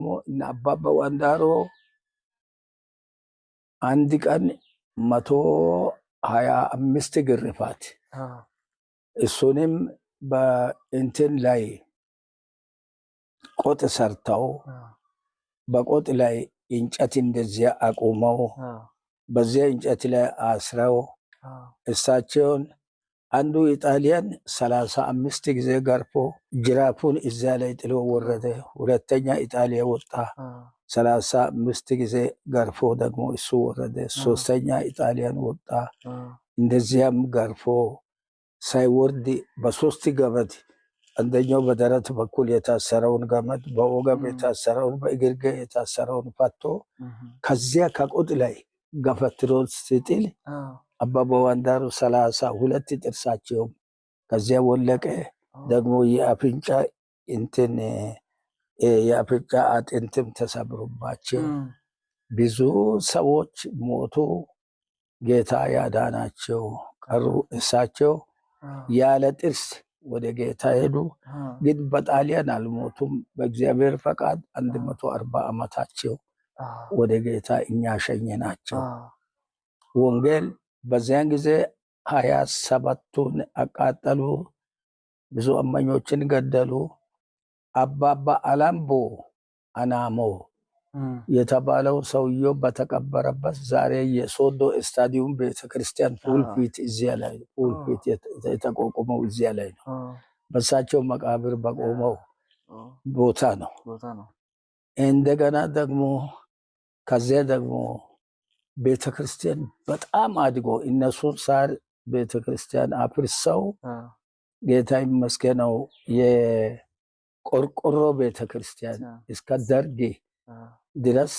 ደግሞ እነ አባባ ዋንዳሮ አንድ ቀን መቶ ሀያ አምስት ግርፋት እሱንም በእንትን ላይ ቆጥ ሰርተው በቆጥ ላይ እንጨት እንደዚያ አቁመው በዚያ እንጨት ላይ አስረው እሳቸውን አንዱ ኢጣሊያን ሰላሳ አምስት ጊዜ ገርፎ ጅራፉን እዛ ላይ ጥሎ ወረደ። ሁለተኛ ኢጣሊያ ወጣ፣ ሰላሳ አምስት ጊዜ ገርፎ ደግሞ እሱ ወረደ። ሶስተኛ ኢጣሊያን ወጣ። እንደዚያም ገርፎ ሳይወርድ በሶስት ገመድ አንደኛው በደረት በኩል የታሰረውን ገመድ፣ በወገብ የታሰረውን፣ በእግርጌ የታሰረውን ፈቶ ከዚያ ከቁጥ ላይ ገፈትሮ ሲጥል አበበ ወንዳሩ ሰላሳ ሁለት ጥርሳቸውም ከዚያ ወለቀ። ደግሞ የአፍንጫ እንትን የአፍንጫ አጥንትም ተሰብሮባቸው ብዙ ሰዎች ሞቱ። ጌታ ያዳናቸው ቀሩ። እሳቸው ያለ ጥርስ ወደ ጌታ ሄዱ። ግን በጣሊያን አልሞቱም። በእግዚአብሔር ፈቃድ አንድ መቶ አርባ ዓመታቸው ወደ ጌታ እኛ ሸኘናቸው። ወንጌል በዚያን ጊዜ ሀያ ሰባቱን አቃጠሉ። ብዙ እመኞችን ገደሉ። አባባ አላምቦ አናሞ የተባለው ሰውየው በተቀበረበት ዛሬ የሶዶ ስታዲየም ቤተክርስቲያን ፑልፒት እዚያ ላይ ፑልፒት የተቋቁመው እዚያ ላይ ነው። በሳቸው መቃብር በቆመው ቦታ ነው። እንደገና ደግሞ ከዚያ ደግሞ ቤተ ክርስቲያን በጣም አድጎ እነሱ ሳር ቤተ ክርስቲያን አፍርሰው ጌታ ይመስገነው የቆርቆሮ ቤተ ክርስቲያን እስከ ደርግ ድረስ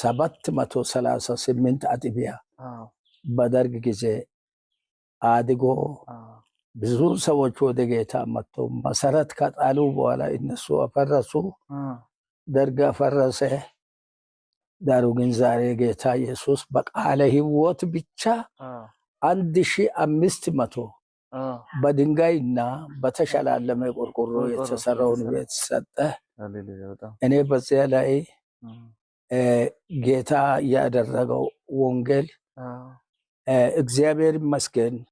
ሰባት መቶ ሰላሳ ስምንት አጥቢያ በደርግ ጊዜ አድጎ ብዙ ሰዎች ወደ ጌታ መጥቶ መሰረት ከጣሉ በኋላ እነሱ አፈረሱ። ደርግ አፈረሰ። ዳሩ ግን ዛሬ ጌታ ኢየሱስ በቃለ ሕይወት ብቻ አንድ ሺ አምስት መቶ በድንጋይና በተሸላለመ ቆርቆሮ የተሰራውን ቤት ሰጠ። እኔ በዚያ ላይ ጌታ ያደረገው ወንጌል እግዚአብሔር ይመስገን